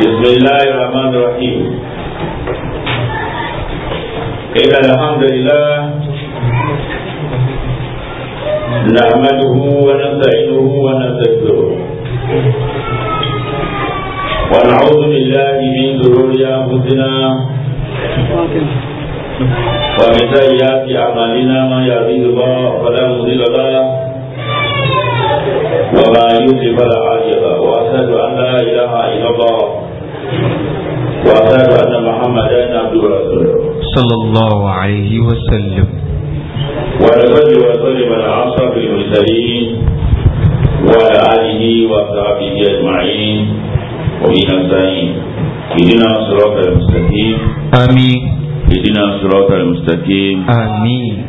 بسم الله الرحمن الرحيم إن الحمد لله نعمله ونستعينه ونستغفره ونعوذ بالله من شرور أنفسنا ومن سيئات أعمالنا من يهده الله فلا مضل له وما يدرك فلا عاجب واشهد ان لا اله الا الله واشهد ان محمدا عبده ورسوله صلى الله عليه وسلم ونصلي وسلم على اشرف المرسلين وعلى اله وصحبه اجمعين ومن نستعين اهدنا الصراط المستقيم امين اهدنا الصراط المستقيم امين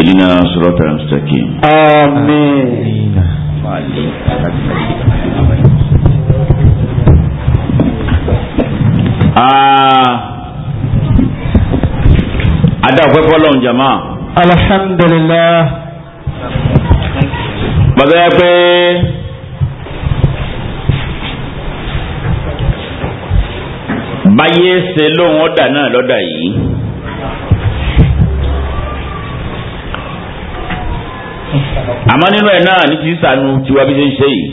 اهدنا الصراط المستقيم امين, آمين. Ah. ada ọpẹ́ fọ́lọ́run jama. alhamdulilah. gbàgbé pé báyé ṣe lóhun ọ̀dà náà lọ́dà yìí. àmọ́ nínú ẹ̀ náà ní ti sànù tiwa bí ṣe ń ṣe yìí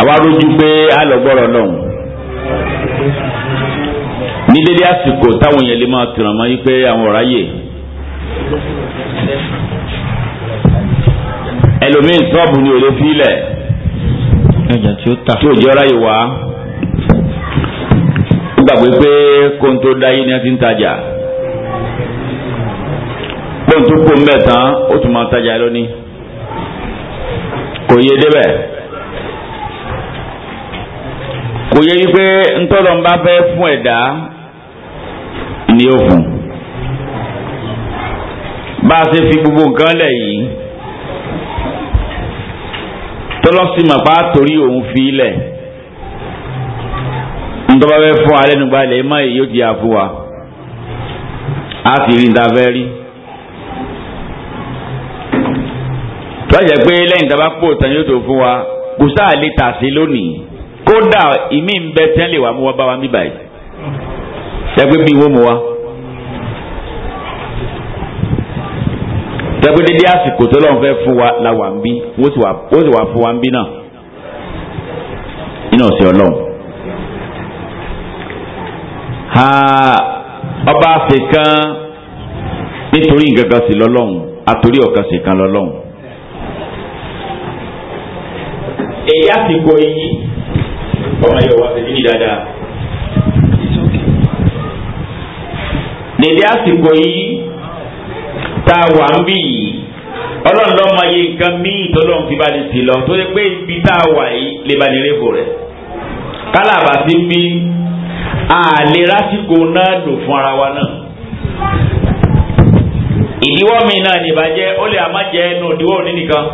àwa rojú pé a lọ gbọ́rọ̀ lọ́hùn ní dédé àsìkò táwọn èèyàn lè máa tìràn mọ́ yìí pé àwọn ọ̀rá yè ẹlòmíín sọ́ọ̀bù ni ò lè fi ilẹ̀ tí ò jẹ́ ọ̀rá yìí wá gbàgbé pé kóńtó dáyé ni a ti ń tajà lóun tó kó mbẹ tán ó tún máa tajà lónìí kò yé débẹ̀ kò yé wípé ntọ́lọ́ ń bá fẹ́ fún ẹ̀dá ni ó fún bá a ṣe fi gbogbo nǹkan lẹ̀ yìí tọ́lọ́sí màpá torí òun fi lẹ̀ ntọ́ba fẹ́ fún alẹ́ nùgbà lẹ́ẹ̀mọ́ èyí ó di àfúwa a sì rí níta fẹ́ rí. tó yẹ pé lẹ́yìn tá a bá pò tán yóò tó fún wa kò sáà lè tà sí lónìí kódà ìmí ń bẹ tẹ́ lè wà mú wa bá wa mí báyìí tẹ́gbẹ́ bí wọ́n mú wa. tẹ́gbẹ́ dédé àsìkò tó lọ́n fẹ́ fún wa la wà ń bí wọ́n sì wà fún wa ń bí náà iná ọ̀sẹ̀ ọlọ́run. ọba àṣekán nítorí nǹkan kan sí lọ́lọ́run àtòrí ọ̀kan ṣèkan lọ́lọ́run. ẹ̀yà àsìkò yìí ọmọ yóò wá sí ní dáadáa. dèdè àsìkò yìí tá a wà ń bì yìí ọlọ́run lọ́ọ́ máa yẹ nǹkan míì tọ́lọ́run fi bá lè sí lọ tó yẹ pé ibi tá a wà yìí lè bá ní réfò rẹ̀ kálàbà sí ń bí àlè lásìkò náà lò fún ara wa náà ìdíwọ́ mi náà nìbàjẹ́ ó lè àmọ́ ẹnu ìdíwọ́ òní nìkan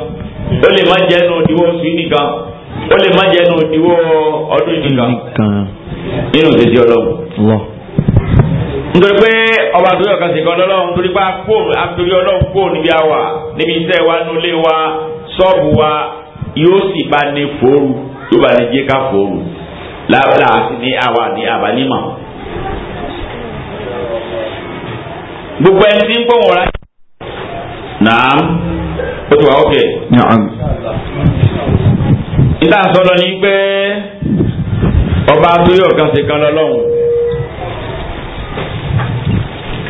ó lè má jẹ́ nù ìdíwọ́ oṣù nìkan ó lè má jẹ́ nù ìdíwọ́ ọdún nìkan nínú ìdíje ọlọ́run. nítorí pé ọba àdúgbò ọ̀kan ṣe kan lọ́lọ́run torí pé àtòrí ọlọ́run kò níbi àwà níbi iṣẹ́ wa nulẹ̀ wa ṣọ́ọ̀bù wa yóò sì bá ní fòrú yóò bá ní jẹ́ ká fòrú láàbùlà àti ní àwà ní àbálímọ̀. gbogbo ẹni tí ń pọ̀ wọ́n rà. nàám o ti wà ok? kẹ́. níta sọ̀rọ̀ ni pé ọba àtúnyọ̀ kan ṣe kan lọ́lọ́run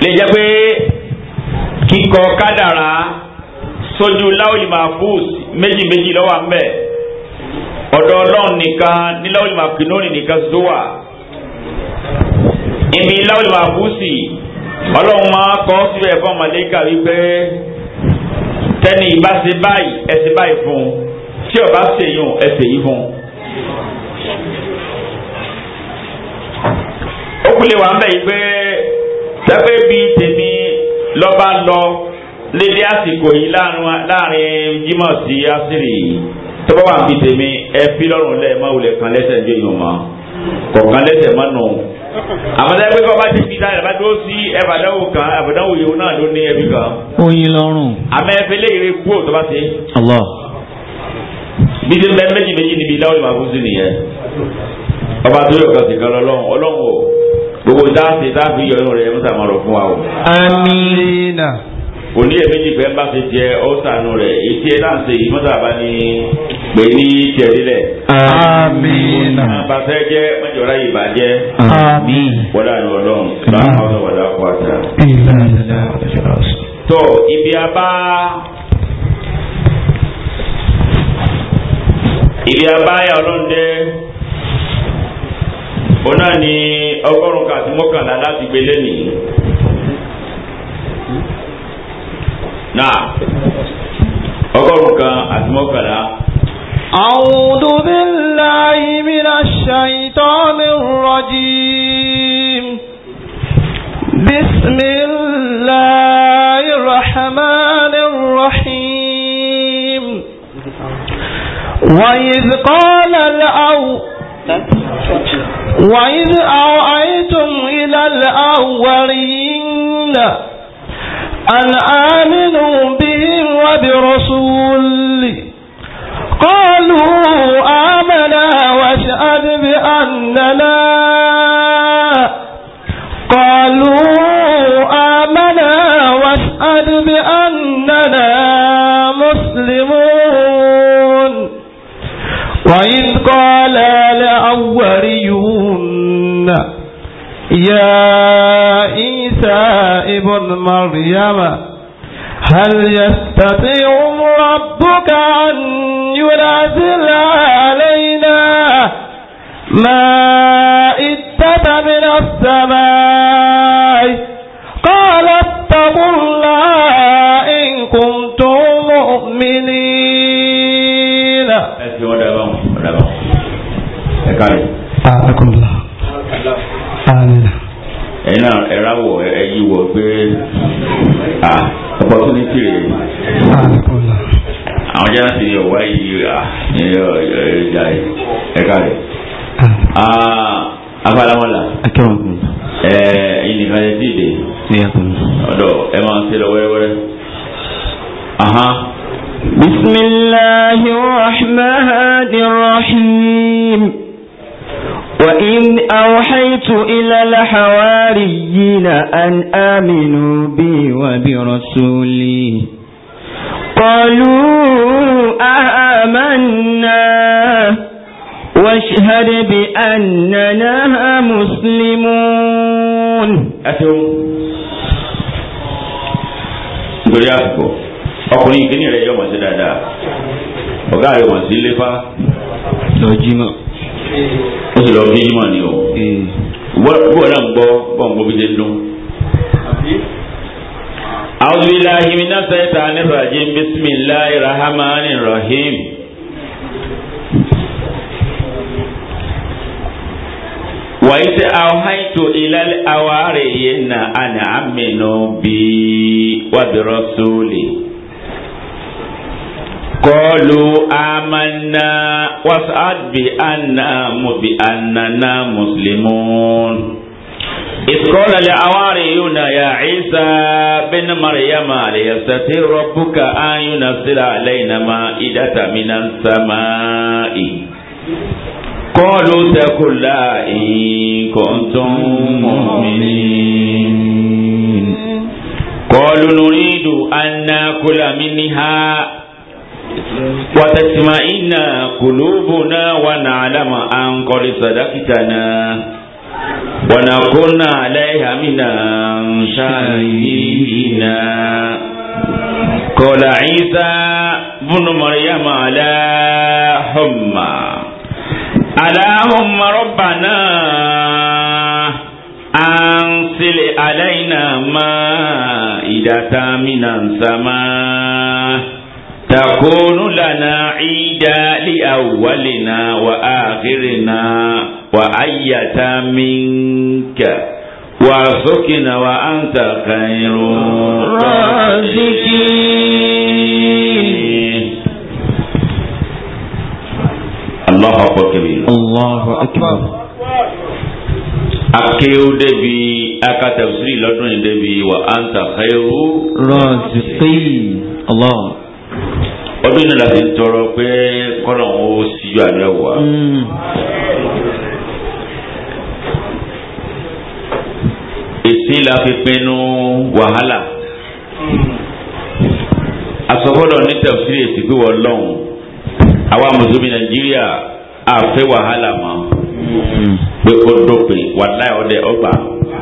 lè jẹ́ pé kíkọ kádàrá sójú láwùlì mahfuz méjì méjì lọ́wọ́ àmbẹ̀ ọ̀dọ̀ ọlọ́run nìkan ní láwùlì mahkinoni nìkan tó wà ibi láwùlì mahfuz ọlọ́run máa kọ́ síbẹ̀ fún ọmọlẹ́kà wípé tẹ́ni ìbá ṣe báyìí ẹ ṣe báyìí fún un tí ọba ṣe yùn ẹ ṣe yìí fún un. ó kúlẹ̀ wà ń bẹ̀ yìí pé tẹ́pẹ́ bí tèmi lọ́ba lọ lédè àsìkò yìí láàrin Jímọ̀ sí àṣírí tọ́pọ̀ wà ń bí tèmi ẹ fi lọ́rùn lẹ́ẹ̀ mọ́ wulẹ̀ kan lẹ́sẹ̀ ń jẹ́ yìí mọ́ kọ̀ọ̀kan lẹ́sẹ̀ mọ́ àbàdà pé bàbá ti fi dáadáa bàtó sí ẹ̀bàdáwò kan ẹ̀bàdáwò yòó náà ló ní ẹbí kan. oyin lọ́rùn. àmẹ́fẹ́lẹ́ ìrè kú ò tó bá ti. Allah. bí ti ń bẹ méjì méjì níbi ìdáwọ̀ ìmọ̀ àkóso nìyẹn. ọba tó yọ kàṣì kan lọ́lọ́run ọlọ́run o gbogbo dáàsì dáàbì yọ inú rẹ̀ mọ́tàmọ́rọ̀ fún wa o. amiina oníyẹ méjì pé bá ti jẹ ọ́sànù rẹ̀ etí ẹ láǹṣe yìí mọ́tà bá ní pè ní tiẹ̀ lílẹ̀. àmín. àbáfẹ́ jẹ́ mọ́jọ́ra yìí bàjẹ́. àmín. wọ́n dà ní ọlọ́run bá a sọ wọ́n dà kó àtà. tó ibi abá ibi abá yà ọlọ́run dé ọ̀nà ni ọgọ́rùn-ún kàti mọ́kànlá láti gbélé nìyí. نعم أقولك أسمعك لا أعوذ بالله من الشيطان الرجيم بسم الله الرحمن الرحيم وإذ قال الأو وإذ أوعيتم إلى الأولين أن آمنوا بهم وبرسوله قالوا آمنا واشهد بأننا قالوا آمنا واشهد بأننا مسلمون وإذ قال لأوريون يا إيه تائب مريم هل يستطيع ربك أن ينزل علينا ما مائدة من السماء náà ẹ̀rá wọ̀ ẹ̀yí wọ̀ pé opportunity rẹ̀ àwọn jẹ́ láti ọ̀wá yìí rà ní ọjà ẹ̀ka rẹ̀. afárámọ́là ẹ̀yìn nìkan ẹ̀ dìde ọ̀dọ̀ ẹ̀ máa ń ṣe lọ wẹ́rẹ́wẹ́rẹ́. بسم الله الرحمن قلت إلى الحواريين أن آمنوا بي وبرسولي قالوا آمنا واشهد بأننا مسلمون أتوا nítorí àsìkò ọkùnrin ìkíní rẹ yọmọ sí dáadáa ọgá rẹ wọ̀ sí lépa lọ jímọ̀ ó sì lọ bí jímọ̀ ni o. Eh bọ́ọ̀ náà gbọ́ bọ́ọ̀ ń gbọ́ bí ṣe ń dún. أعوذ بالله من الشيطان الرجيم بسم الله الرحمن الرحيم وإذ أوحيت إلى الأوارين أن آمنوا بي وبرسولي kọlu amanna wasa'ad bi anna mu bi annana muslimun. إذ قال الحواريون يا عيسى بن مريم ليستطيع ربك أن ينزل علينا مائدة من السماء قالوا اتقوا الله إن كنتم مؤمنين قالوا نريد أن نأكل منها وتسمعنا قلوبنا ونعلم أن قد صدقتنا ونكون عليها من شاهدين قال عيسى بن مريم على هم على هم ربنا أنزل علينا مائدة من السماء takunu na ida li awwalina wa akhirina wa ayyata wa anta khairur raziqin Allahu akéwò débi lọ́dún yìí débi wa anta khairu raziqin Allah ọdún náà láti tọrọ pé kọ́nà ó síjú àárẹ̀ wá. èsì la fi pinnu wàhálà asọ́fọ́dọ̀ ní tẹ̀sílẹ̀ èsì pé wọ́n lọ́hùn àwa mùsùlùmí nàìjíríà àfẹ́ wàhálà mọ́ pé ó dópin wàláì ọdẹ ọgbà.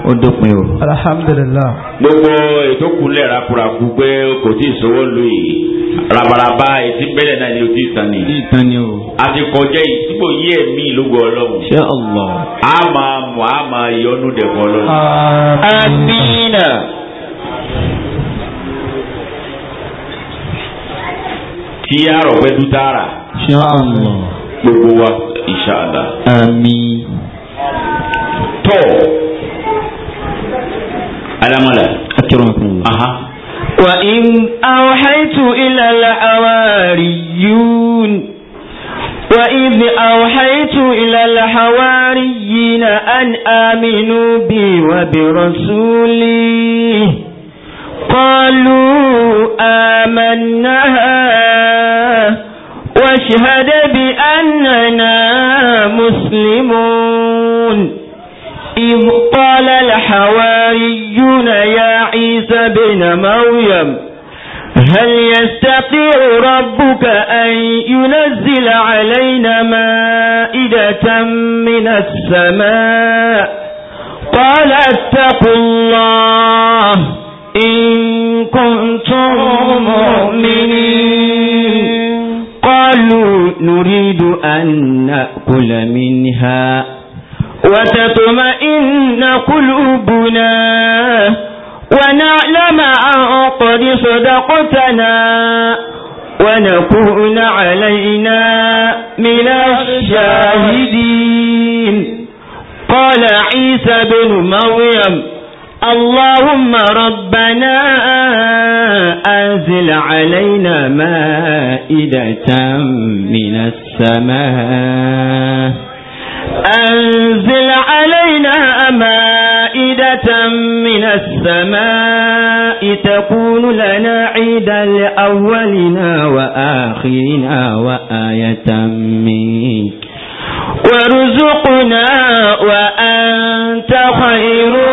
ó dópin o. alhamdulilayi. gbogbo ètò kúnlẹ̀ rakuraku pé kò tí ì sówó lu yìí rabaraba etí bẹ́lẹ̀ náà ni o ti tàn ní. ti tàn ní o. a ti kọjá yìí sípò yí ẹ̀mí ìlógo ọlọ́run. ṣé ọlọ. a máa mọ̀ a máa yọnu dẹ̀kọ́ ọlọ́run. amina. tí a rọ̀ pé dúdàrà. ṣé ọlọ. gbogbo wa inshallah. àmín. tọ́ alamala. akérò ọkùnrin. وإن أوحيت إلى الحواريون وإذ أوحيت إلى الحواريين أن آمنوا بي وبرسولي قالوا آمنا واشهد بأننا مسلمون إذ قال الحواريون يا عيسى بن مريم هل يستطيع ربك أن ينزل علينا مائدة من السماء قال اتقوا الله إن كنتم مؤمنين قالوا نريد أن نأكل منها وتطمئن قلوبنا ونعلم أن قد صدقتنا ونكون علينا من الشاهدين قال عيسى بن مريم اللهم ربنا أنزل علينا مائدة من السماء أنزل علينا مائدة مائدة من السماء تكون لنا عيدا لأولنا وآخرنا وآية منك وارزقنا وأنت خير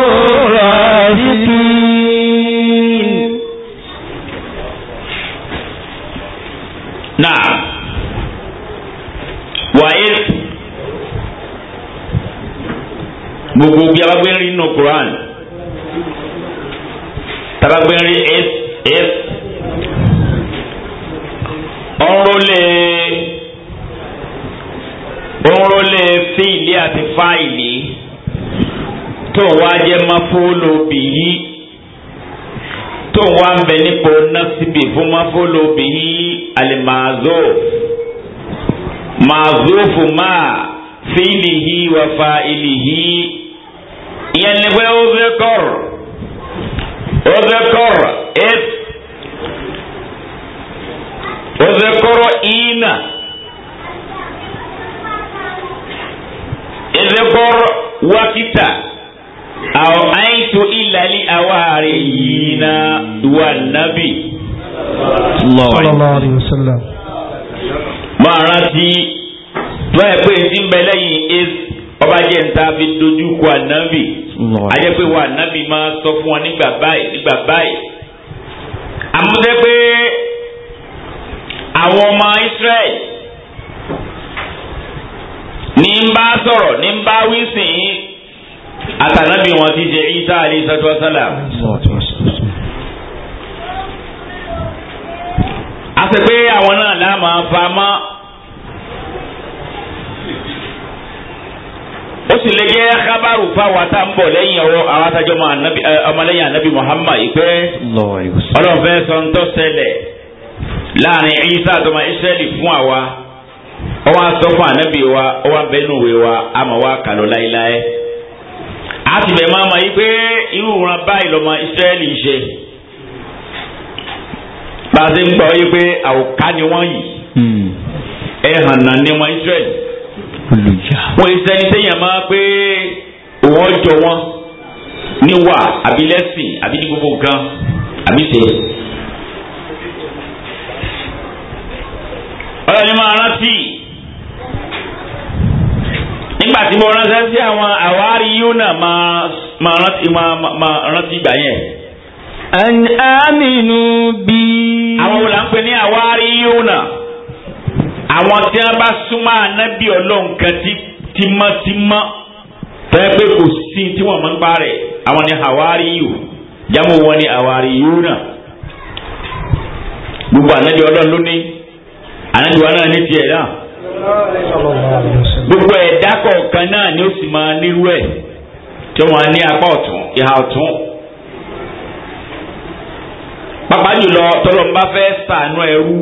tó ń wá jẹ́ mafólóbì yìí tó ń wá ń bẹ nípò násìbì fún mafólóbì yìí alimazo mazo fún máa fíìlì yìí wà fa ìlì yìí ìyẹn ni pé ó fẹ́ kọ́r ó fẹ́ kọ́r ẹ́ ó fẹ́ kọ́rọ̀ ìnà. ezekọrọ wakita àìtò ìlàlí àwárí yìí na ìwà na sallallahu alaihi wasallam máa rántí tó ẹ pé ní bẹ lẹ́yìn ọba jẹ́ níta fi dojú kọ ànábì ajẹ́ sọ fún wa nígbà báyìí nígbà báyìí àmúdẹ́ pé àwọn ọmọ Israẹli ní bá sọ̀rọ̀ ní bá àtànábì wọn ti jẹ isa alayhi wa salam. a sì pé àwọn náà fa mọ́. ó sì lè jẹ́ kábàrù fáwọn tá ń bọ̀ lẹ́yìn àwọn ọmọlẹ́yìn anabi muhammad ìpè ọlọ́run fẹ́ sọ láàrin isa àtọmọ israẹli fún àwa anabi wa ọwọ́ abẹ́nuwe wa ama wa láéláé. a sì bẹ̀ máa ma yí pé irú wọn báyìí lọ́mọ Ísírẹ́lì ń ṣe bá a ṣe ń gbọ́ yí pé àwòká ni wọ́n yìí hmm. ẹ̀ hàn náà ni wọ́n Ísírẹ́lì wọ́n Ísírẹ́lì sẹ́yìn àmọ́ pé òun ọjọ́ wọn níwà àbí lẹ́sìn àbí gbogbo nǹkan àbí ọ̀rọ̀ ni máa rántí nígbà tí mo ránṣẹ́ sí àwọn àwa rí yónà máa rántí ìgbà yẹn. an aminu bí. àwọn wòlá ń pè ní àwárí yónà àwọn tí wọn bá súnmọ́ ànábì ọlọ́run kan tímọ́tímọ́ fẹ́ pé kò sí tí wọ́n máa ń bá rẹ̀ àwọn ni àwárí yò jámọ́ wọn ni àwárí yónà gbogbo ànábì ọlọ́run ló wọn náà ní tiẹ̀ náà. gbogbo ẹ̀dá kọ̀ọ̀kan náà ni ó sì máa nírú ẹ̀ tí wọ́n ní apá ọ̀tún ìhà ọ̀tún. pàápàá jùlọ tọ́lọ́mbà fẹ́ sàánú ẹrú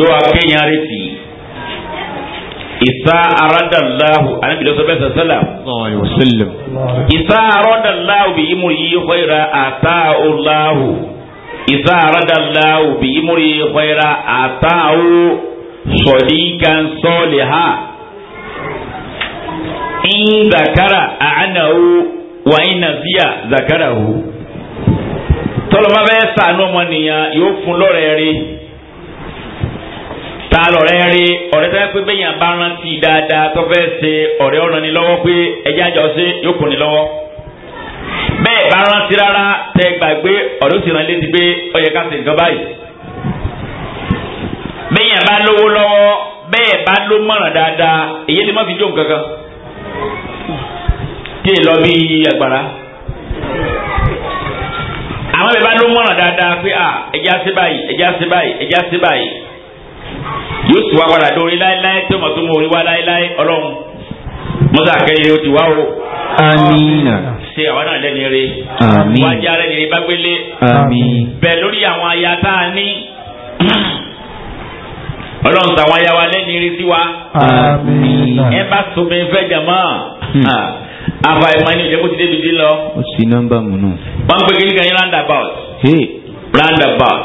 yóò wá kéèyàn retí isa aradalahu anabi lọsọ bẹẹ sọ sẹlẹ. isa aradalahu bi imu yi khayra ata olahu isa aradalahu bi imu yi khayra ata o. صديقا صالحا إن ذكر أعنه وإن نسي ذكره tọ́lọ́mọ bẹ́ẹ̀ sànú ọmọnìyàn yóò fún lọ́rẹ́ rí ta lọ́rẹ́ rí ọ̀rẹ́ tó pé bẹ́yìn abárántì dáadáa tó fẹ́ ṣe ọ̀rẹ́ ọ̀ràn ni lọ́wọ́ pé ẹjẹ́ àjọ ṣe yóò kún ni lọ́wọ́ bẹ́ẹ̀ bá rántí rárá tẹ gbàgbé ọ̀rẹ́ òsì rán létí pé bẹ́ẹ̀ bá lówó lọ́wọ́ bẹ́ẹ̀ bá ló mọ̀ràn dáadáa èyí lè má fi jó nǹkan kan tí ì lọ bí agbára àwọn bẹ́ẹ̀ bá ló mọ̀ràn dáadáa pé à ẹja sí báyìí ẹja sí báyìí ẹja sí báyìí yóò sì wá padà dórí láéláé tí ọmọ tó mú orí wá láéláé ọlọ́run mọ́tà kẹ́yìn ó ti wá o. amiina. ṣe àwọn náà lẹ́ni re. ami. wájà lẹ́ni re bá gbélé. ami. bẹ́ẹ̀ lórí àwọn aya tá a ní ọlọ́run sàwọn ayáwa lẹ́ni rí wa. ẹ bá sunmi fẹ́ jàmọ́ àfa ẹ̀ máa ní ti débi dé lọ. ó sì nọ́mbà mu nù. Hmm. wọ́n ń pè kíní kan ní roundabout. roundabout.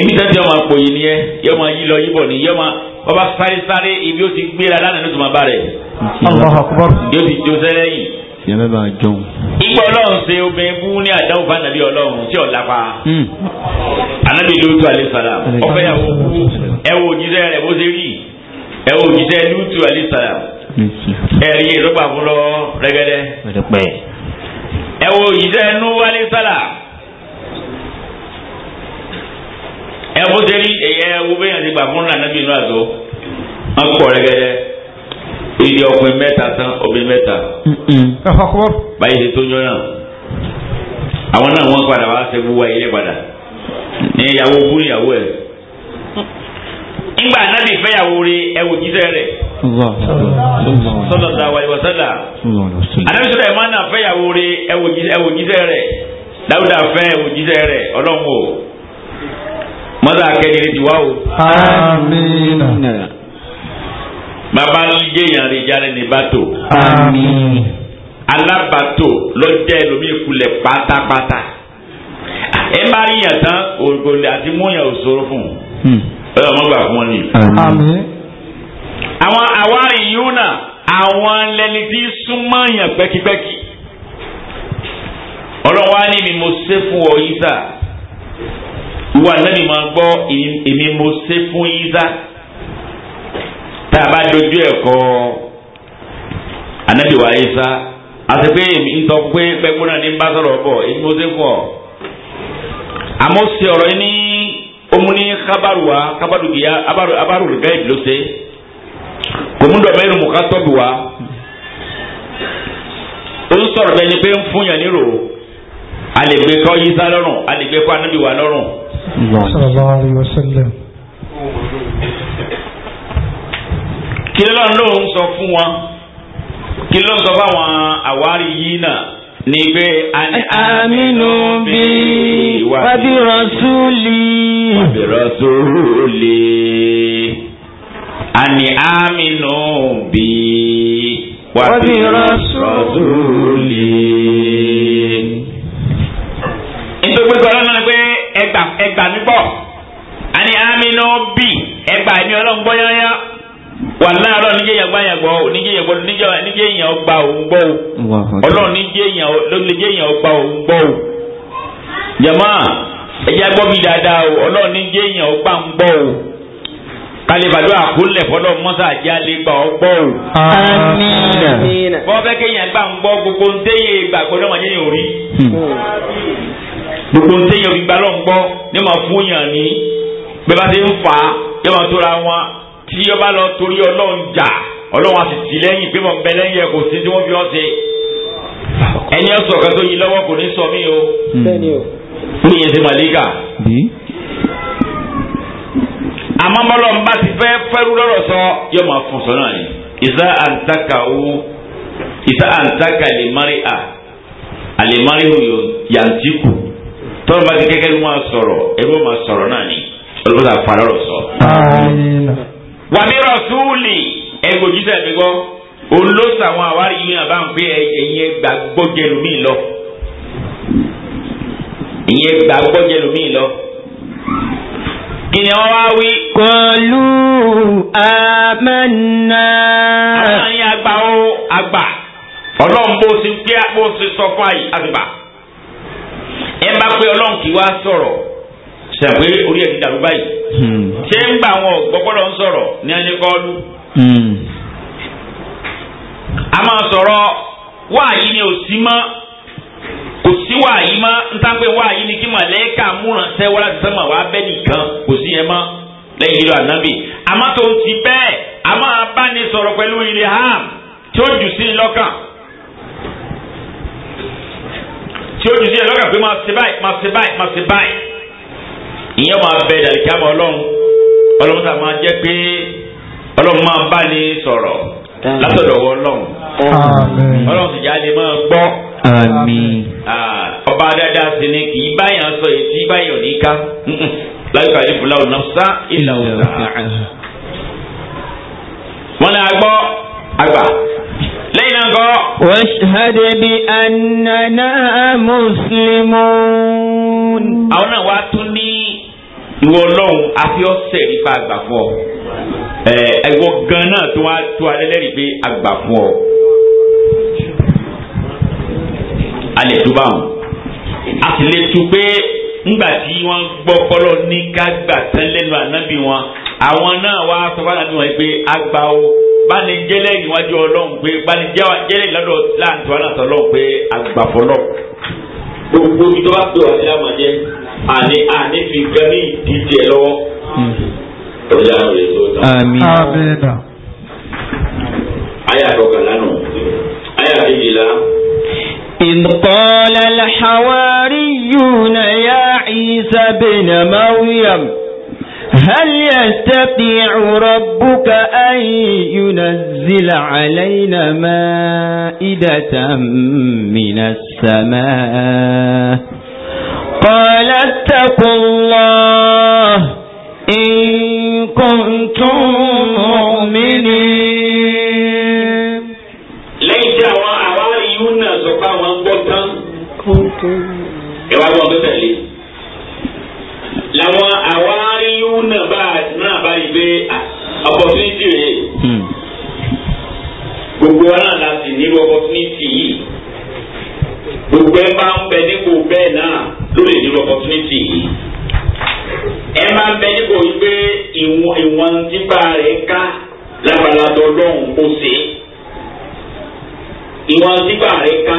ibi tẹ́tí ọmọ àpò yìí ni ẹ yọ máa yí lọ yí bọ̀ ni yọ máa bá sáré sáré ibi ó ti gbéra lánàá ló tún bá rẹ̀. yóò ti jó sẹ́lẹ̀ yìí yẹn bẹ b'a jọn. ipò ọlọ́run ṣe obìnrin bú ní àdáwò fún anabi ọlọ́run tí ò lápá. anabi lóòótọ́ alẹ́ sàlá ọ̀fẹ́ yàwó kú ẹ wo òjíṣẹ́ rẹ̀ bó ṣe rí ẹ wo òjíṣẹ́ lóòótọ́ alẹ́ sàlá. ẹ̀rí ìrọ́pà fún lọ rẹ́gẹ́dẹ́. ẹ ẹ bó ṣe rí ẹ̀yẹ wo bẹ́yàn ti gbà fún anabi nù àzọ. wọ́n kọ̀ ilé ọkùnrin mẹ́ta tán obìnrin mẹ́ta. báyìí ṣe tó yọ̀nà àwọn náà wọ́n padà wá ṣe gbogbo ayé padà ní ìyàwó ogún ìyàwó ẹ̀. nígbà náà lè fẹ́yàwó rí ẹwò jíṣẹ́ rẹ̀. sallallahu alaihi wasallam. àdàbí sọ̀rọ̀ ẹ̀ máa náà fẹ́yàwó rí ẹwò jíṣẹ́ rẹ̀ dáúdà fẹ́ ẹwò jíṣẹ́ rẹ̀ ọlọ́run o. mọ́tà akẹ́ni lè ti wá o. àmín bàbá jẹ́yàn rẹ̀ jáde ní bàtò. àmín. alábàtò lọ́jọ́ ẹlòmíì kulẹ̀ pátápátá. ẹ bá rí yàn tán ògòlè àti múyàn ò ṣòro fún un. ọlọ́run hmm. ọmọ gbà fún wọn ni. àmín. àwọn àwárí yìí náà àwọn lẹni tí súnmọ́ yàn pẹ́kípẹ́kí. ọlọ́run wá ní mi mo ṣe fún ọ yíṣà. ìwà náà ni gbọ́ èmi mo ṣe fún yíṣà tá a bá dojú ẹ̀ kọ́ anabi wa isa àti pé ntọ́ pé pẹ́kú náà ní bá sọ̀rọ̀ bọ̀ èyí mo ṣe fọ̀ àmọ́ ṣe ọ̀rọ̀ yìí ní omuni kabaru wa kabaru gíga abaru abaru gíga ìdílóse kòmúndọ̀ mẹ́rin mú ká tọ́bi wa ó ń sọ̀rọ̀ bẹ́ẹ̀ ni pé ń fún yàn nírò alègbè kọ́ yísá lọ́rùn alègbè kọ́ anábìwá lọ́rùn. sallallahu alaihi wasallam kí lọ́n ló ń sọ fún wọn kí ń sọ fáwọn àwárí yìí náà ní pé aminu bí wàbírọ̀sùlì. wàbírọ̀sùlì ani aminu bí wàbírọ̀sùlì. nítorí pé sọ́dọ̀ náà pé ẹgbà ẹgbà mi pọ̀ ani aminu bí ẹgbà mi ọlọ́run gbọ́ yányán wàhálà ọlọ́run níjẹ́ yẹn gbá yẹn gbọ́ ọ níjẹ́ yẹn gbọ́ níjẹ́ yẹn ọgbà òun gbọ́ ọ ọlọ́run níjẹ́ yẹn lójijẹ́ yẹn ọgbà òun gbọ́ ọ jama ẹ̀jẹ̀ gbọ́ mi dáadáa o ọlọ́run níjẹ́ yẹn ọgbà ń gbọ́ ọ kalibadu àkúnlẹ̀ fọlọ́ mọ́sá àjálẹ̀ gbà ọ gbọ́ o. àmín. fọ́ bẹ́ẹ̀ kéèyàn gbà ń gbọ́ gbogbo ń téye gbàgbọ́ náà wọ́n yẹn ò rí. Hmm. gbogbo ń téye gbígbà lọ́ ń gbọ́ ní ma fún yàn ní bẹ́ẹ̀ bá ti ń fà á yóò máa tóra wọn tí ó bá lọ torí ọlọ́run jà ọlọ́run á sì tì lẹ́yìn pé mo ń bẹ lẹ́yìn ẹ̀ kò sí tí wọ́n fi ọ́ ṣe ẹni ẹ sọ̀rọ̀ kan tó yin lọ́wọ́ kò ní sọ mí o ní ìyẹn ti màlíkà. àmọ́ bọ́lọ̀ ń bá ti fẹ́ fẹ́rú lọ́rọ̀ sọ yóò máa fún sọ náà ni ìsá àǹtakà wo ìsá àǹtakà lè mari à àlè mari ò yàǹtìkù tọ́lọ́ bá ti kẹ́kẹ́ ní wọ́n sọ̀rọ̀ ẹ̀rọ máa sọ̀rọ̀ náà ni olùkọ́ ta fa sọ wàmí rọ̀súùlì ẹ̀gbọ́n jísẹ̀ mi gbọ́ òun ló sàwọn àwárí yìí hàn bá ń pé ẹ̀yìn ẹgbà gbọ́jẹ̀lú mi lọ ìyẹn ẹgbà gbọ́jẹ̀lú mi lọ kí ni wọ́n wá wí. kọlu amẹ́nà. àwọn yẹn àgbà ó àgbà ọlọ́run bó ti pé bó ti sọ fún àyè àgbà ẹ bá pé ọlọ́run kì wá sọ̀rọ̀. sẹ́wọ̀n pé orí ẹ̀ ti dàrú báyìí. Hmm. ṣé ń gbà àwọn ọ̀gbọ́gbọ́dọ̀ ń sọ̀rọ̀ ní ẹni kọ́ọ́lù. Hmm. a máa sọ̀rọ̀ wáàyí ni ò sí mọ́ kò sí wáàyí mọ́ ń tá pé wáàyí ni kí màlẹ́kà múràn wá nìkan ti bẹ́ẹ̀ a máa bá ní sọ̀rọ̀ pẹ̀lú ilé ham tí ó jù sí lọ́kàn tí ó jù sí ìyẹn máa bẹ ìdàlùkíámọ ọlọ́run ọlọ́run tá máa jẹ́ pé ọlọ́run máa bá ní sọ̀rọ̀ látọ̀dọ̀ wọ ọlọ́run ọlọ́run sì já lè máa gbọ́ ọba dáadáa sí ni kì í báyàn sọ èyí tí báyàn ní ká láyùká ní fúláwù sá ìlà òsà wọn ni gbọ́ àgbà lẹ́yìn náà kọ́. washhad bi annana muslimun. àwọn náà wá tún ní ìwọ ọlọ́run àfi ọ̀sẹ̀ nípa àgbà fún ọ. ẹ̀wọ̀ gan náà tó wá tó alẹ́lẹ́rìí pé àgbà fún ọ. a lè bá wọn. a sì lè tún pé ńgbà tí wọ́n gbọ́ kọ́lọ́ ní ká gbà tán lẹ́nu ànábì wọn àwọn náà wá sọ fún ànábì wọn pé àgbà báni jẹ́lẹ̀ níwájú ọlọ́run pé báni jẹ́lẹ̀ lọ́dọ̀ láǹtí wa náà sọlọ́run pé àgbàfọ́lọ́ gbogbo ibi tó bá pè wá sí àmàjẹ́ àní àní fi gan ní ìdíje lọ́wọ́ ọjà rẹ̀ tó tán. àmín. àyà àkọkànlá nù àyà kejìlá. إذ قال الحواريون يا عيسى بن مريم هل يستطيع ربك أن ينزل علينا مائدة من السماء قال اتقوا الله إن كنتم مؤمنين ليس وعواريون سقا وانبطا كنتم يوعوا إيه بتأليم لو opportunity rèé hmm. gbogbo ẹ náà láti nílò opportunity yìí gbogbo ẹ bá ń bẹ nípò bẹ́ẹ̀ náà ló lè nílò opportunity yìí ẹ máa ń bẹ nípò wípé ìwọ̀n ìwọ̀n nípa rẹ̀ ká lábalatọ̀ lọ́hùn ó ṣe ìwọ̀n nípa rẹ̀ ká.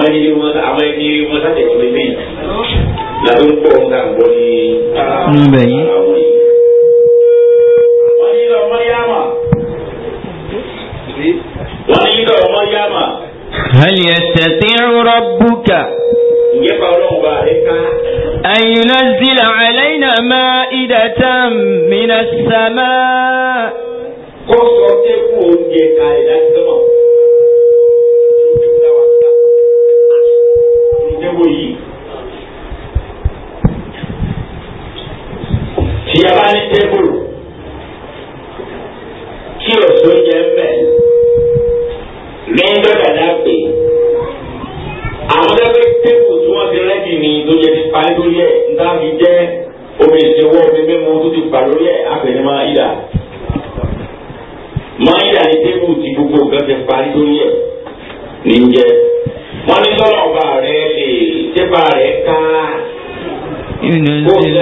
àwọn ẹni ní wọn àwọn ẹni wọn sábẹ̀ wọlé lẹ́yìn làbí ń pọ̀ nǹkan gbọ́ ní. níbẹ̀ yìí. wọ́n ní lọ́ọ́ mọ́ríyámà. wọ́n ní lọ́ọ́ mọ́ríyámà. هل يستطيع ربك أن ينزل علينا مائدة من السماء؟ tí a bá ní tébùlù tí òsó jẹ mbẹ ní dọ́dàdà pé àwọn dábẹ́ tébùlù tí wọ́n ti rẹ́dì ni tó jẹ ti parí lórí ẹ̀ nígbà mi jẹ́ omi ìṣèwọ́ omi mímu tó ti parí lórí ẹ̀ àpẹẹrẹ máa yíra máa yíra ní tébùlù tí gbogbo nǹkan ti parí lórí ẹ̀ ní jẹ́ wọ́n ní sọ́nà ọba rẹ̀ lè tẹ́bà rẹ̀ ká. ينزل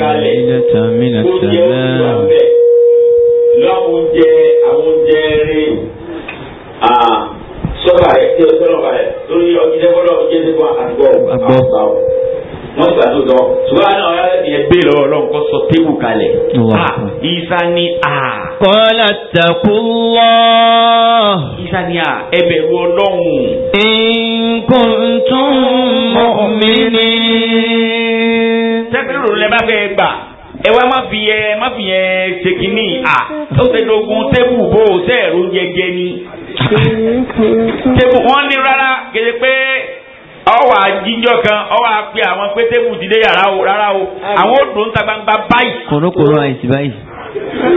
عليك مائدة من السماء lọ́wọ́n jẹ àwọn oúnjẹ rí sọ́ba rẹ̀ tí o sọ́nà ba rẹ̀ lórí ọjídẹ́gbọ́dọ̀ jẹ́sí fún àgbọ̀ àgbà o wọ́n gbà tó sọ. ṣùgbọ́n àwọn ará yẹn gbé lọ́wọ́ lọ́wọ́ kó sọ tébù kalẹ̀. ìsá ni a. kọ́lá taqullah. ìsá ni a ẹ bẹ̀rù Ọlọ́run. in kuntum lòlò lẹ bá fẹ́ gbà ẹ wá má fi yẹ má fi yẹ ṣèkínní à ó ṣe dogun tébù bó o ṣe ẹ̀rọ jẹjẹ ni tébù wọn ní rárá kéde pé ọwọ́ àjíjọ kan ọwọ́ àpè àwọn pé tébù ti dé yàrá o rárá o àwọn ò dùn ń ta gbangba báyìí. kòrókòró àìsí báyìí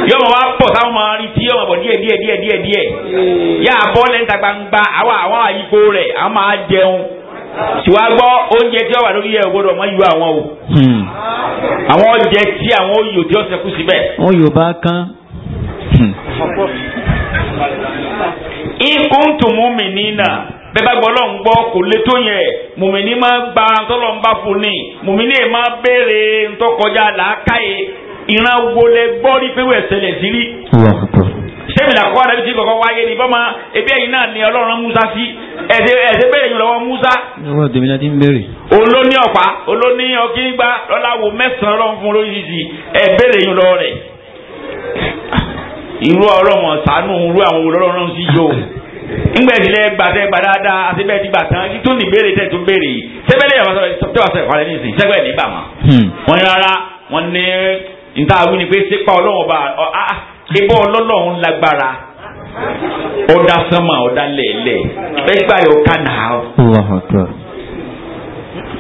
yóò mọ wá pọ̀ táwọn máa rí tí yóò mọ bọ̀ díẹ̀ díẹ̀ díẹ̀ díẹ̀ díẹ̀ yà á bọ́ lẹ́ńtà gbangba àwọn àwọn àyíkó rẹ̀ àwọn máa jẹun tiwa gbọ́ oúnjẹ tí ó wà lórí ẹ̀ ò gbọ́dọ̀ mọ́ yọ àwọn o. Hmm. àwọn oúnjẹ tí àwọn oyò tí ó ṣẹ́kù síbẹ̀. wọn yóò bá kán. Hmm. ikun tún mú mi nínà bẹ́ẹ̀ bá gbọ́ lọ́n gbọ́ kò lé tó yẹ mùmíní máa gba tọ́lọ́ ń bá fún ni mùmíní máa béèrè ntọ́kọjá làákàyè ìran wo lẹ gbọ́ rí pé wẹ̀ ṣẹlẹ̀ sí rí. sẹ́mi làkọ́ àdàbí tí kọ̀ọ̀kan wáyé ni bọ́mọ ẹbí ẹ̀yin náà ni ọlọ́run Musa sí ẹ̀sẹ̀ ẹ̀sẹ̀ bẹ̀rẹ̀ yìí lọ́wọ́ Musa. lọ́wọ́ tèmi náà ti ń bèrè. olóní ọ̀pá olóní ọ̀kíngbá lọ́láwo mẹ́sàn-án lọ́n fún lóríṣiríṣi ẹ̀ bẹ̀rẹ̀ yìí lọ́wọ́ rẹ̀. irú ọlọ́mọ sànú irú àwọn olórọ́rọ́ sí yó. ńgbẹ̀dìlẹ̀ gbàtẹ́ gbà dáadáa àti ti gbà tán kí tó ní bèrè tẹ̀ tó bèrè yìí. sẹ́gbẹ̀lẹ̀ yàtọ̀ tẹ́wàsẹ̀ ọ̀dà sánmà ọ̀dà lẹ̀lẹ̀ ẹgbà yóò ká nà á.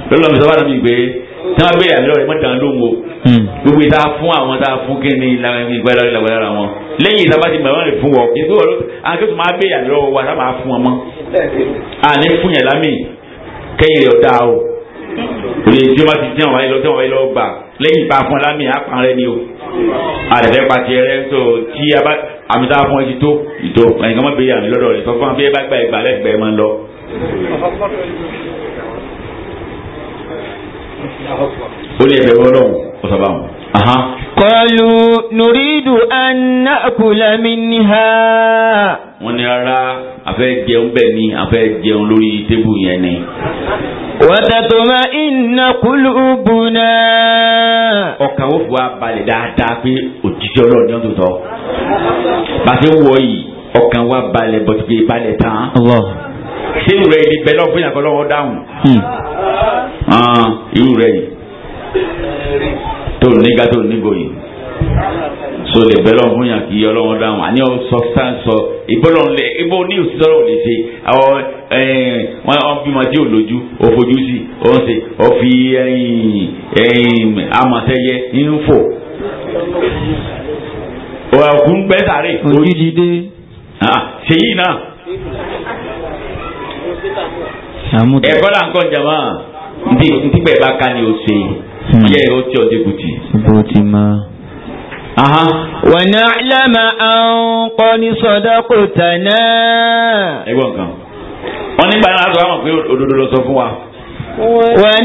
lọ́lọ́ mi sọ fún mi pé tí wọ́n gbé àlọ́ rẹ̀ mọ́tàn ló ń wo hmm. gbogbo ìta fún àwọn tá a fún kí ni ìgbà ìlọ́rin ìlàgbà lára wọn lẹ́yìn ìtaba ti mọ̀ rẹ̀ fún wọn kì í sọ̀rọ̀ àkẹ́tù máa gbé àlọ́ wa tá a máa fún wọn mọ́ àní fún yẹn lámì kẹ́yìn rẹ̀ ọ̀dà o òye tí wọ́n ti tẹ́wọ̀n wáyé lọ tẹ́wọ̀n wáyé lọ gbà lẹ́yìn ìpa fún lámì àpàrẹ ni o àdẹ̀fẹ́ pàṣẹ rẹ tó tí a bá àmì tá a fún ẹ ti tó ìtó ẹnìkan má béèrè àmì lọ́dọ̀ rẹ̀ sọ fún wa bí ẹ bá gba ẹgbàá lẹ́gbẹ̀ẹ́ ẹ máa ń lọ. ó ní ẹbẹ̀ wọ́n ó sọ báwọn. Kọlu nùrídù anna kùlà minha. Wọ́n ní ara àfẹ́ jẹun bẹ́ẹ̀ ni àfẹ́ jẹun lórí tébù yẹn ni. Wàtàtùmá iná kúlù bùnà. Ọkàn ó fi wá balẹ̀ dáadáa pé òjijì ọlọ́run ní ọdún tọ́. wọ yìí, ọkàn wá balẹ̀ bọ̀tùkì balẹ̀ tán. Ṣé irú rẹ̀ ni bẹ́ẹ̀ lọ́gbìn àkọlọ́wọ́ dáhùn? Hmm. Ah, irú rẹ̀ yìí tó níga tó nígòyìn so lè bẹ́ lọ́wọ́ fún yàn kí ọlọ́wọ́ dáhùn àní ọ sọ sáà sọ ìbọ́lọ̀ lè ibo ní òsítọ́rọ̀ lè ṣe àwọn wọn bímọ tí ò lójú ò fojú sí ò ń ṣe ò fi amọ̀tẹ́yẹ ń fò òkun gbẹ́ sáré. òjijì dé. Ah, ah, ṣèyí náà. ẹ̀kọ́ là ń kọ́ jàmá ntí bẹ́ẹ̀ bá ká ni ó ṣe. yẹ o jọ jìbìtì. bóòtì ma. na na'lama an qad sadaqtana. ẹ gbọ́n kan wọ́n nígbà náà sọ pé òdodo sọ fún wa. wọ́n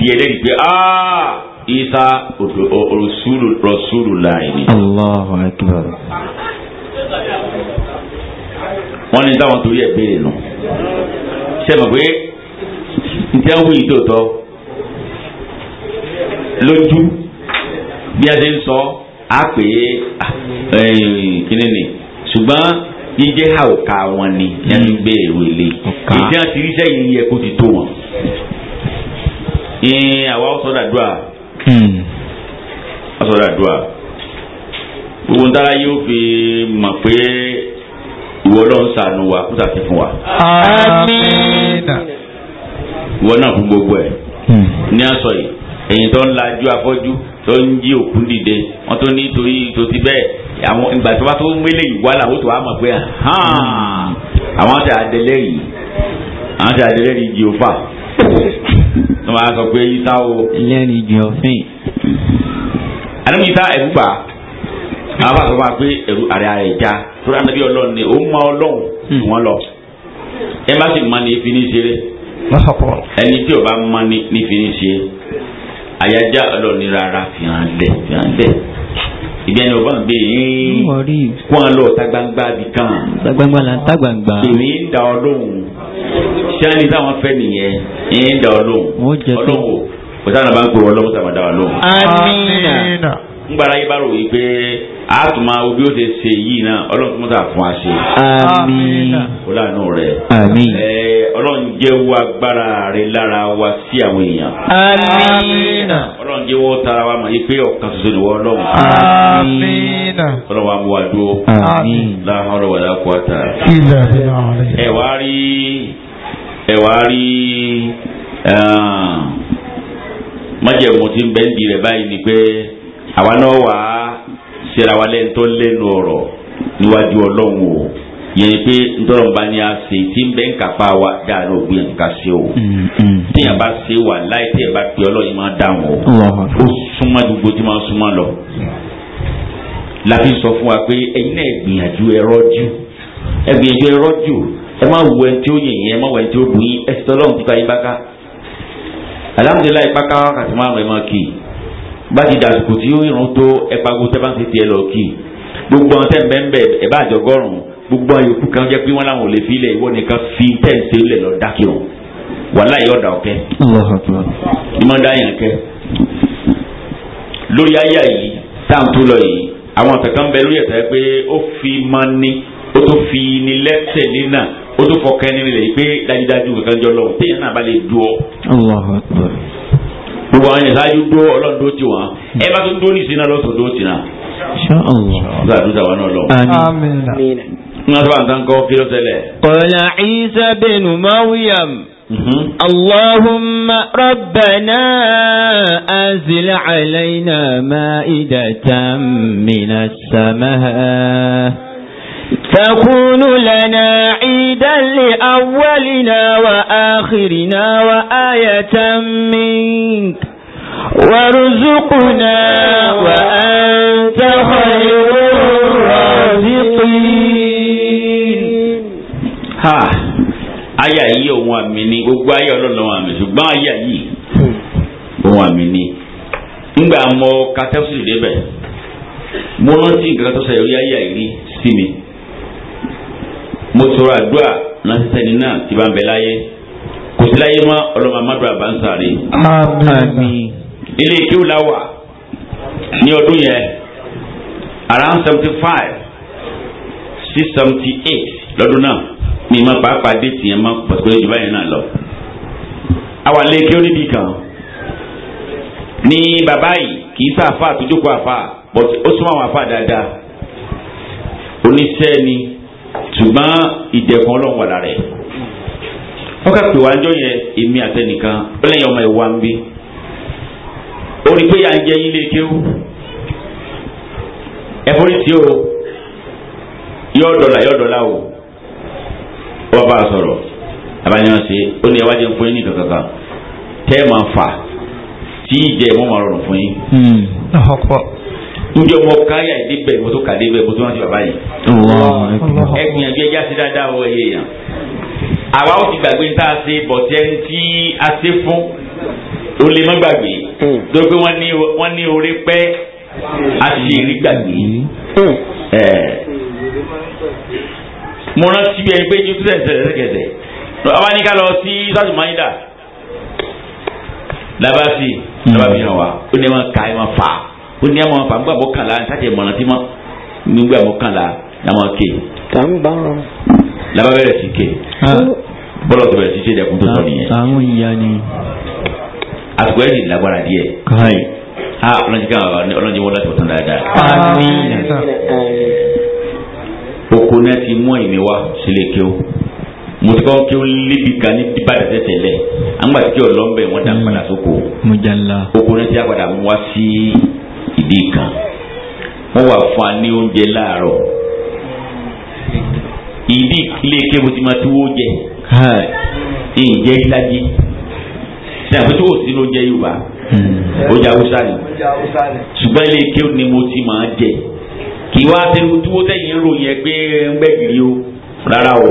ní rẹ̀ aaa. isa rasulullah ni. Allahu akbar. wọ́n ní táwọn torí ẹ̀ béèrè nù. ṣé mọ̀ pé ǹjẹ́ wí ìdòtọ́ lójú bí a ṣe ń sọ á pè é eh, kíní ni ṣùgbọ́n jíjẹ́ àwòká wọn ni ní ẹni béèrè wele ìdí àti iṣẹ́ yìí yẹ kó ti tó wọn. àwa ó sọ Hmm. ọsọdọ àdúrà gbogbo ntara yóò fi mọ̀ pé ìwọ Ọlọ́run ṣàánú wa kó sàṣẹ fún wa. àmín. ìwọ náà fún gbogbo ẹ hmm. ní aṣọ yìí èyí tó ń lajú afọ́jú tó ń jí òkú dìde wọ́n tó ní torí tó ti bẹ́ẹ̀ àwọn ìgbà tó bá tó mélé yìí wá làwọn tó wà mọ̀ pé àwọn àti àdélé yìí àwọn àti àdélé yìí jì ó fà wọ́n máa sọ pé yíta o. lẹ́rìn ìjìn ọ̀fìn. àdàbí yíta ẹ̀rú bà àwọn bá sọ fún wa pé ẹ̀rú àrẹ àrẹ ìjà tó rà nàbí ọlọ́run ni òun mọ ọlọ́run hmm. wọn lọ ẹ bá sì mọ ní ìfi ní ṣeré tí o bá mọ ní ìfi ní ṣe àyájá ọlọ́run ní rárá fi hàn lẹ̀ fi hàn lẹ̀ ìjẹni ọba ń bè é kó wọn lọ ta gbangba bi kan. ta gbangba la ta gbangba. èmi ń da ọ lóhùn sani táwọn fẹ́ nìyẹn ń da ọ lóhùn ọlọ́wọ́ òtá bá ń pè wọ́n lọ́wọ́ sàmàdà wà amiina. ń gbàrà yí bá rò a tún máa wo bí ó ṣe ṣe yìí náà ọlọ́run tó mú ta fún wa ṣe. àmín. o lànà rẹ. àmín. ẹ ọlọ́run jẹ́ wo agbára rẹ lára wa sí àwọn èèyàn. àmín. ọlọ́run jẹ́ wo tara wa mọ̀ yí pé ọ̀kan ṣoṣo ni wọ́n lọ́wọ́. àmín. ọlọ́run wa mú wa dúró. àmín. láhàn ọ̀rọ̀ wàlá kó a ta. ìlà bí wọ́n rẹ̀. ẹ wá rí ẹ wá rí májẹ̀mú tí ń bẹ́ẹ̀ di rẹ̀ báyìí ni pé àwa náà wà á ṣera wa lẹ́yìn tó lẹ́nu ọ̀rọ̀ níwájú o yẹn pé ntọ́rọ̀ bá ní a ṣe tí ń bẹ́ ń kápá wa dáadáa ògbé yẹn ká ṣe o mm, mm. tíyẹn bá ṣe wà láì tíyẹn bá pe ọlọ́yin máa dáhùn o ó súnmọ́ àdúgbò tí máa súnmọ́ lọ la fi fún wa pé ẹ̀yin náà gbìyànjú ẹ rọ́jú ẹ gbìyànjú ẹ rọ́jú ẹ má wo ẹni tí ó yẹ̀yìn ẹ má wo ẹni tí ó bù yín ẹ sì tọ́lọ́run ti ka yín bá ká alhamdulilayi pàkà wákàtí márùn ẹ máa kì í bá ti dàsùkò tí irun tó ẹ̀pàgò tẹ́ bá ń ṣe tiẹ̀ lọ kì í gbogbo àwọn tẹ́ ń bẹ́ẹ̀ bẹ́ẹ̀ ẹ̀ bá àjọgọ́rùn-ún gbogbo àyòkù kan jẹ́ pé wọ́n láwọn ò lè fi ilẹ̀ ìwọ nìkan fi tẹ́ ń ṣe ilẹ̀ lọ dákìrùn wàhálà yóò dà ọ̀kẹ́ ìmọ̀dá yẹn kẹ́ lórí àyà yìí tá à ń tó lọ yìí àwọn àtẹ̀kàn bẹ lórí ẹ̀tẹ́ pé ó fi máa ní ó tó fi ní lẹ́sẹ̀ nínà ó tó fọkàn ẹni rẹ̀ pé dájúdájú kankan jọ lọ gbogbo àwọn yẹn sáájú dó ọlọ́run dó tì wọ́n ẹ bá tún dó ní ìsinmi lọ́sọ̀ dó tì náà. ṣáà àdúrà wa náà lọ. àmín. n ka sọ àwọn kọ́ kí ló tẹ̀lé. qala Isa bin اللهم ربنا أنزل علينا مائدة من السماء تكون لنا عيدا لأولنا وآخرنا وآية منك وارزقنا وأنت خير الرازقين ha aya yìí ohun ni gbogbo aya ọlọ́lọ́wọ́ àmì ṣùgbọ́n aya yìí ohun ni ngbà mọ katẹ́sì débẹ̀ mo rántí nǹkan aya mi. mo tọrọ àdúrà náà sísẹni náà tí bá ń bẹ láyé kò sí láyé mọ́ ọlọ́mọ amadu abansare. àmín. ilé ìkéwù la wà ní ọdún yẹn around seventy five six seventy eight lọ́dún náà ní ma pàápàá dé tiẹ̀ ma pàtàkì ìjọba yẹn náà lọ. àwa lè kí ó níbi kan ní bàbá yìí kì í sá àfa àtúnjókòó àfa ó súnmọ́ àwọn àfa dáadáa oníṣẹ́ ni ṣùgbọ́n ìdẹ̀kùn ọlọ́run wà lára ẹ̀ wọ́n kà pé wá jọ yẹn èmi àtẹnìkan lẹ́yìn ọmọ ìwà ń bí ó rí pé yà ń jẹ́ yín lé kéwú ẹ forí sí o yóò dọ̀là yóò dọ̀là o ó bá bá a sọ̀rọ̀ abáyọ̀ ṣe ó ní ẹwà jẹ́ fún yín nìkan kankan tẹ́ máa fà tí ìjẹ́ ìmọ̀ máa rọrùn fún yín. ọ̀pọ̀ hmm njẹ ọmọ káyà ìdí bẹ mo tó kàdé bẹ mo tó rántí bàbá yìí. ẹ gbìyànjú ẹjẹ àti dáadáa ọ ẹyẹ yẹn. àwa ó ti gbàgbé tá a ṣe bọ̀tẹ́ tí a ṣe fún ó lè má gbàgbé dókè hmm. wọ́n ní orí pẹ́ a sì rí gbàgbé. Hmm. mo rántí bí ẹni pé jù tó tẹ̀sẹ̀ lẹ́sẹ̀kẹsẹ̀ àwa ní ká lọ sí sátú labasi labasi hàn wa ó ní ẹ máa ẹ máa fà á ó ní àwọn afa gbàgbọ́ kànlá ntàtẹ̀ mọ̀nà tí mọ́ nígbà mọ́ kànlá làwọn ké. kàmú bá rọ. làwọn bẹ̀rẹ̀ sí ké ah. bọ́lá tó bẹ̀rẹ̀ sí ṣe dẹkùn tó sọ nìyẹn. àwọn ìyá ni. àsìkò ẹ̀ lè lágbára díẹ̀. káyì. a ọlọ́njì kan wà ní ọlọ́njì wọn láti wọ́n tán dáadáa. àmín. oko náà ti mú ẹ̀mí wá sílé kéwù mo ti kọ́ kí ó lébi kan ní ìbàdàn tẹ̀tẹ̀ lẹ̀ àgbà tí kí ọlọ́mbẹ̀ wọn dà hmm. padà sóko. mo jẹ́ la. oko náà ti á padà mú wá sí ìdí kan wọ́n wà fún wa ní oúnjẹ láàárọ̀ ìdí ilé kébù ti máa túwó jẹ ǹjẹ́ ìlàjì ṣe àpótí wò sínú oúnjẹ Yorùbá oúnjẹ hmm. Haúsá ni ṣùgbọ́n ilé kébù ni mo ti máa jẹ kì í wá tẹ́lifù túwó ròyìn ẹgbẹ́ ń gbẹ̀gìrì o rárá o.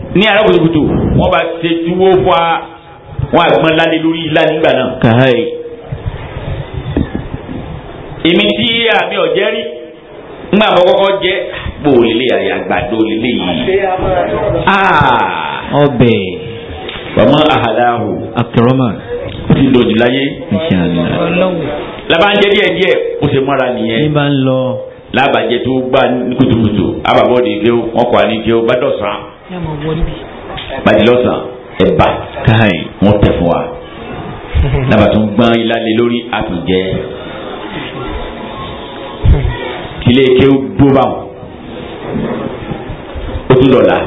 ní arákùtùkùtù wọn bá ṣe túwó fún a wọn àgbọn lálẹ́ lórí ilá nígbà náà. kàáyì. èmi tí àmì ọ̀jẹ́ rí ńgbà àkọ́kọ́ jẹ́ pò lélẹ̀ àyà àgbàdo lélẹ̀ yìí. Ah! ọbẹ̀. bàmọ́ àhàdáhù. akérọ́mà. ó ti lòdì láyé. labanjẹ díẹ̀ díẹ̀ ó ṣe mọ́ra nìyẹn. ní bá ń lọ. lábàjẹ tó gbà ní kùtùkùtù àbàbọ̀ dèké wọn kọ́ àníkè ó bá dọ̀sán bàjẹ́lọ́sàn ẹ̀bà káàyìn wọ́n tẹ̀ fún wa dábàá tó ń gbọ́n ilá lé lórí àtúnjẹ kílé kéwú gbó báwọn ó tún lọ́la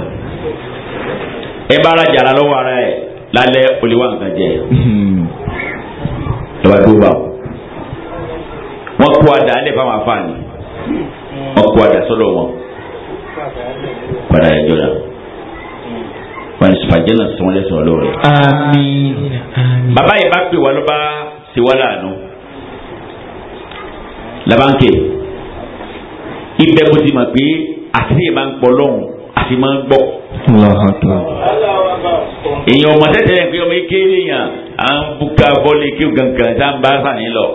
ẹ bá ara jàrá lọ́wọ́ ara ẹ̀ lálẹ́ olùwà nǹkan jẹ lọ́wọ́ tó bá wọn kó àdá alẹ́ fáwọn afáàní wọn kó àdá sọ́dọ̀ wọn padà ẹjọ́ náà fàjẹ́nà sọ wọn lẹ́sọ̀ lóore. àmín. bàbá yìí bá pè wá ló bá ṣe wá láàánú. labanke ibẹ̀ mo ti mọ̀ pé àti ní ìbá ń pọ̀ lọ́hùn àti máa ń gbọ́. èèyàn ọmọ tẹ́tẹ́ pé ọmọ ike èèyàn à ń buka bọ́ọ̀lù ike gangan tá ń bá sàní lọ.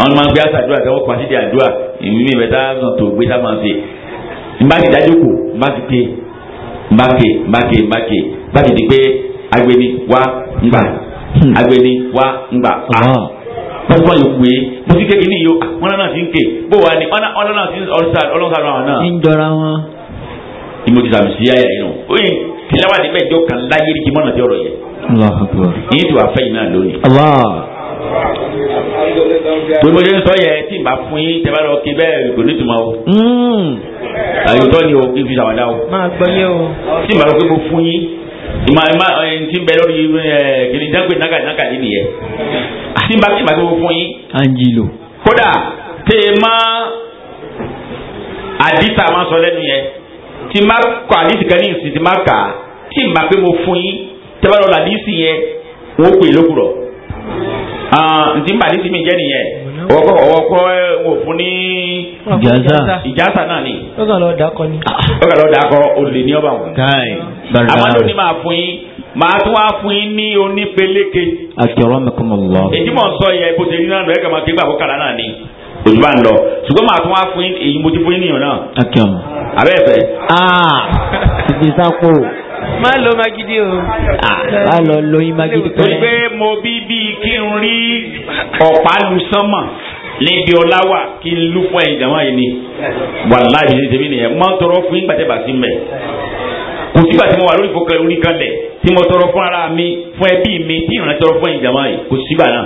àwọn máa ń gbé àṣàdúrà tí wọ́n pa àdúrà ìmí ìbẹ̀ tá ń tó gbé tá máa ń ṣe. n bá ti dájú kù n bá ti pé n bá ké n bá ké n bá ké bá ti di pé agbeni wá ń gbà hmm. agbeni wá ń gbà pọ́pọ́ ìwé mo ti kékeré yìí o ah, wọn náà ti ń ké bó wa ni ọlọ́run náà ti ń ọlọ́sà lọ́wọ́ náà. ń jọra wọn. ìmọ̀tìsà mi sí ayé yìí nù oye tìlẹ́wà ní bẹ́ẹ̀ jọ kan láyé ní kí mọ́nà tí ọ̀rọ̀ yẹ. yìí tí wàá fẹ́ yìí náà lónìí. torí mo ṣe ń sọ yẹ tí n bá fún yín tẹ́ bá lọ kí bẹ́ẹ̀ kò ní tuma o. Hmm. àyùtọ́ ni o kí n fi ṣàwádà o. máa gbọ́ yé o. tí n bá lọ ìmọ̀ ìmọ̀ ẹni eh, tí ń bẹ lórí ẹ kìnìún jágbe nága nága yìí nìyẹn àti bá tí màgbé fún yín. anjilo. kódà tè má àdìsá máa sọ lẹ́nu yẹn tí má kọ àdìsí kan ní ìsìn tí má kà á tí mà pé mo fún yín tẹ́ bá lọ lọ àdìsí yẹn wọ́n pè é lókùrọ̀ ǹtí ah, mà àdìsí mi jẹ́ nìyẹn ọwọ́ kọ́ wò fún ní. ìjàsà ìjàsà náà ni. ó kàn lọ dakọ ni. ó kàn lọ dakọ olè ní ọba wọn. káì bàrẹ̀ náà. amadu ni màá fún yín màá tún wá fún yín ní onípeléke. akramakumullah. èyí mọ̀ n sọ yẹ bó ṣe rí náà lọ́yẹ̀ kàmá kégbà kọ́kàrà náà ni òjú bá ń lọ ṣùgbọ́n màá tún wá fún yín èyí mo ti fún yín nìyàn náà. akẹ́wọ̀n. abẹ́ẹ̀fẹ́. aa ah, ìgbésà kò má lo magidi o. má lọ lo yín magidi tó lẹ. pé mo bí bíi kí n rí ọ̀pá lu níbi ọláwà kí n lú fún ẹ̀yìn yìí ni wàláhì ní tèmi nìyẹn máa ń tọrọ fún ìgbà tẹ́ bá sí mẹ́ kò sígbà tí mo wà lórí ìfọkànlẹ̀ oníkanlẹ̀ tí mo tọrọ fún ara mi fún ẹbí mi tí ìrìn tọrọ fún ẹ̀yìn jàmọ́ yìí kò sígbà náà.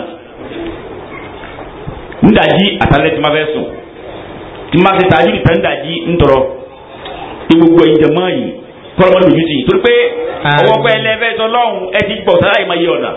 ń dàjí àtàlẹ́ tí ma fẹ́ sùn tí ma fi tàjú ìtàn dàjí ń tọrọ gbogbo ẹ̀yìn yìí kọ́lọ́mọdé mi ti torí pé ọwọ́ pẹ́ lẹ́fẹ̀ẹ́ sọ lọ́hùn ẹ ti gbọ̀ sáláì máa yẹ ọ̀nà.